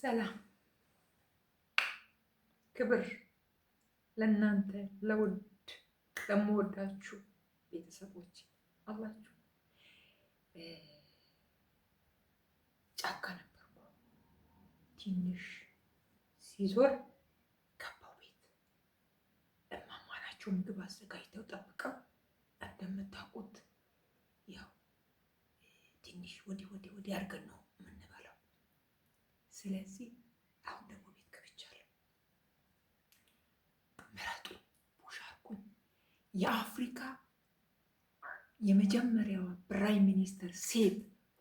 ሰላም፣ ክብር ለእናንተ ለውድ ለምወዳችሁ ቤተሰቦች አላችሁ። ጫካ ነበርኩ። ትንሽ ሲዞር ገባሁ ቤት። እማማናቸው ምግብ አዘጋጅተው ጠብቀው እንደምታውቁት ያው ትንሽ ወዲህ ወዲህ ወዲህ አድርገን ነው ስለዚህ አሁን ደግሞ ቤት ገብቻለሁ። ምረጡ፣ ቡሻርኩን የአፍሪካ የመጀመሪያዋ ፕራይም ሚኒስተር ሴት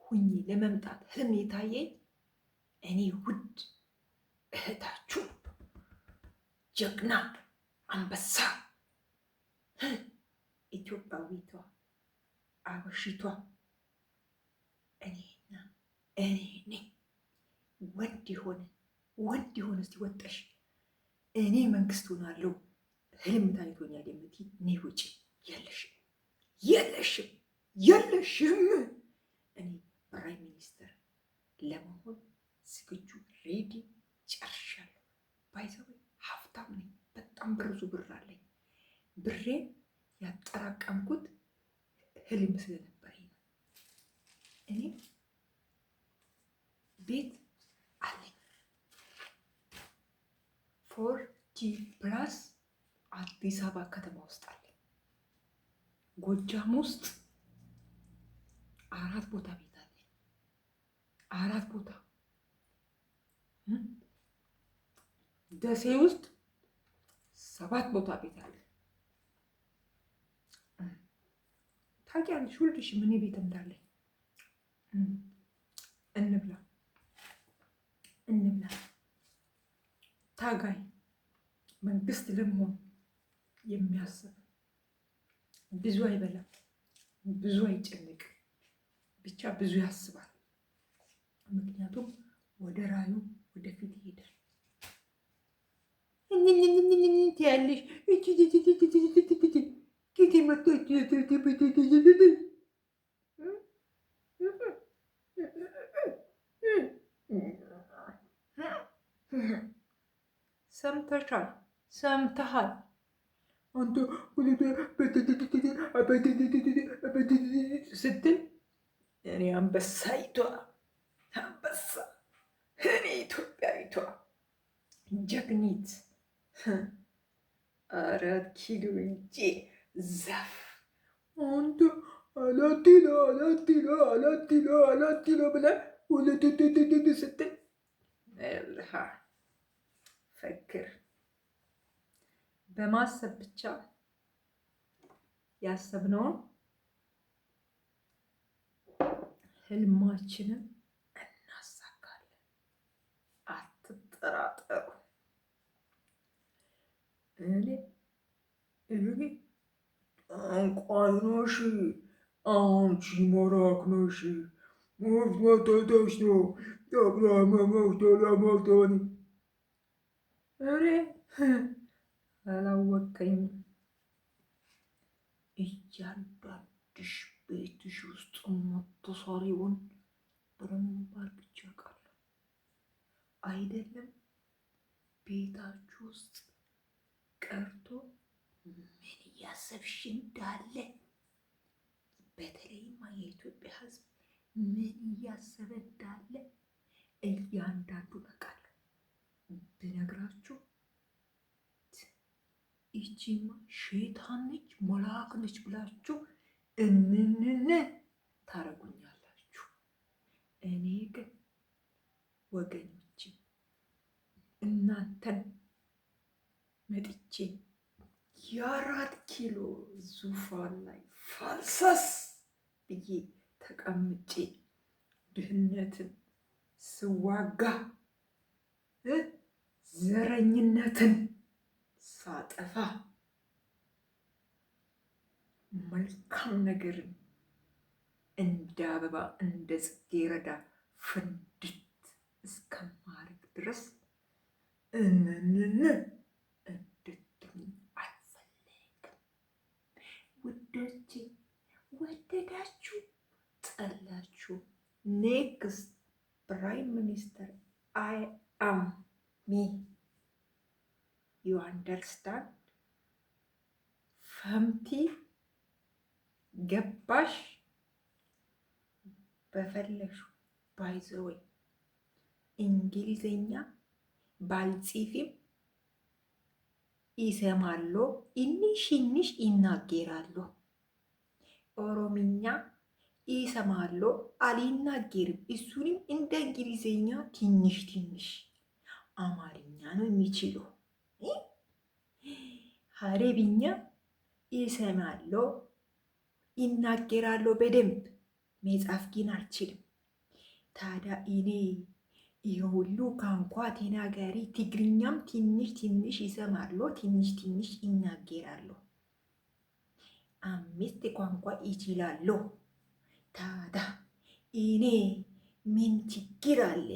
ሁኚ ለመምጣት ህልም የታየኝ እኔ ውድ እህታችሁ ጀግና አንበሳ ኢትዮጵያዊቷ አበሽቷ እኔና እኔ ነኝ። ወድ ይሆን ወድ የሆነ እስቲ ወጠሽ እኔ መንግስት ሆናለሁ ህልም ታይቶኛል የምትይ እኔ ውጭ የለሽም የለሽም የለሽም። እኔ ፕራይም ሚኒስተር ለመሆን ዝግጁ ሬዲ ጨርሻለሁ። ባይዘው ሀብታም ነኝ። በጣም ብርዙ ብር አለኝ። ብሬ ያጠራቀምኩት ህልም ስለነበረኝ ነው። እኔ ቤት ፎር ጂ ፕላስ አዲስ አበባ ከተማ ውስጥ አለ። ጎጃም ውስጥ አራት ቦታ ቤት አለ። አራት ቦታ ደሴ ውስጥ ሰባት ቦታ ቤት አለ። ታውቂያለሽ ሁልሽ ምን ቤት እንዳለ እንብላ ታጋይ መንግስት ለመሆን የሚያስብ ብዙ አይበላም፣ ብዙ አይጨንቅ፣ ብቻ ብዙ ያስባል። ምክንያቱም ወደ ራዩ ወደፊት ይሄዳል። ያለሽ ጊዜ መጥቶ tekrar. Semtahal. Sittin. يعني أنبسيتها أنبسة هنيتو بيتها جقنيت أراد كيلو جي زف أنت على تلا على تلا على تلا على تلا بلا ولا تتتتتتتتت يلا ፈክር በማሰብ ብቻ ያሰብነውን ህልማችንን እናሳካለን። አትጠራጠሩ። እኔ እዚህ እንቋኖሽ አንቺ መራክነሽ መፍታታሽ ነው ጠቅላማ መፍታ ለመፍታኒ አላወቀኝም። እያንዳንድሽ ቤትሽ ውስጥ መተሳሪውን በደንብ አድርጌ አውቃለሁ። አይደለም ቤታችሁ ውስጥ ቀርቶ ምን እያሰብሽ እንዳለ በተለይም የኢትዮጵያ ሕዝብ ምን እያሰበ እንዳለ እያንዳንዱ ብነግራችሁ ይቺማ ሸይጣን ነች መልአክ ነች ብላችሁ እንንን ታረጉኛላችሁ። እኔ ግን ወገኖቼ እናንተን መጥቼ የአራት ኪሎ ዙፋን ላይ ፈልሰስ ብዬ ተቀምጬ ድህነትን ስዋጋ ዘረኝነትን ሳጠፋ መልካም ነገርን እንደ አበባ እንደ ጽጌረዳ ፍንድት እስከማድረግ ድረስ እንንን እንድትኝ አልፈለግም። ውዶቼ ወደዳችሁ ጠላችሁ፣ ኔክስት ፕራይም ሚኒስተር አይ አም ሚ ዩ አንደርስታንድ ፈምቲ ገባሽ በፈለሹ ባይዘወይ እንግሊዘኛ ባልጽፊም ይሰማሉ ኢንሽ ኢንሽ ይናገራሉ። ኦሮምኛ ይሰማሉ አልናገርም። እሱንም እንደ እንግሊዘኛ ትንሽ ትንሽ አማርኛ ነው የሚችሉ። ሀረብኛ እሰማለሁ፣ ይናገራለሁ በደንብ መጻፍ ግን አልችልም። ታዲያ እኔ ይህ ሁሉ ቋንቋ ተናጋሪ ትግርኛም ትንሽ ትንሽ እሰማለሁ፣ ትንሽ ትንሽ ይናገራለሁ። አምስት ቋንቋ ይችላለሁ። ታዲያ እኔ ምን ችግር አለ?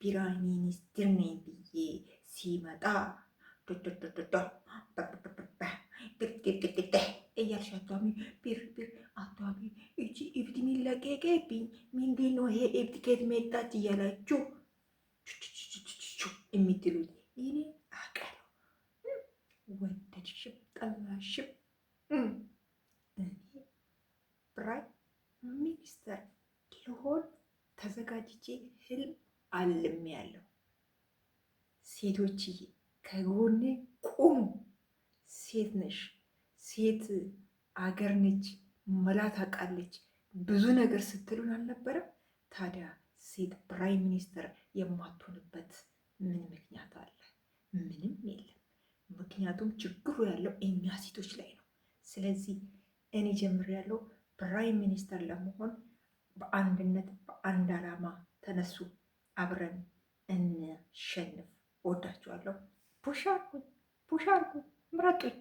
ፕራይም ሚኒስትር ነኝ ብዬ ሲመጣ ዶዶዶዶዶ ቢርቢር አቷሚ ቢር እብድ ሚለቀቀብኝ ምንድን ነው ይሄ እብድ ከየት መጣች እያላችሁ የምትሉት ይህኔ አቀል ወደድሽም ጠላሽም ፕራይም ሚኒስተር ሊሆን ተዘጋጅቼ ህልም አልሜያለሁ። ሴቶችዬ ከጎኔ ቁሙ። ሴት ነሽ፣ ሴት አገር ነች፣ መላ ታውቃለች፣ ብዙ ነገር ስትሉን አልነበረም? ታዲያ ሴት ፕራይም ሚኒስተር የማትሆንበት ምን ምክንያት አለ? ምንም የለም። ምክንያቱም ችግሩ ያለው እኛ ሴቶች ላይ ነው። ስለዚህ እኔ ጀምር ያለው ፕራይም ሚኒስተር ለመሆን በአንድነት በአንድ ዓላማ ተነሱ፣ አብረን እንሸንፍ። ወዳችኋለሁ። ፑሽ አርጉኝ፣ ፑሽ አርጉኝ፣ ምረጡኝ።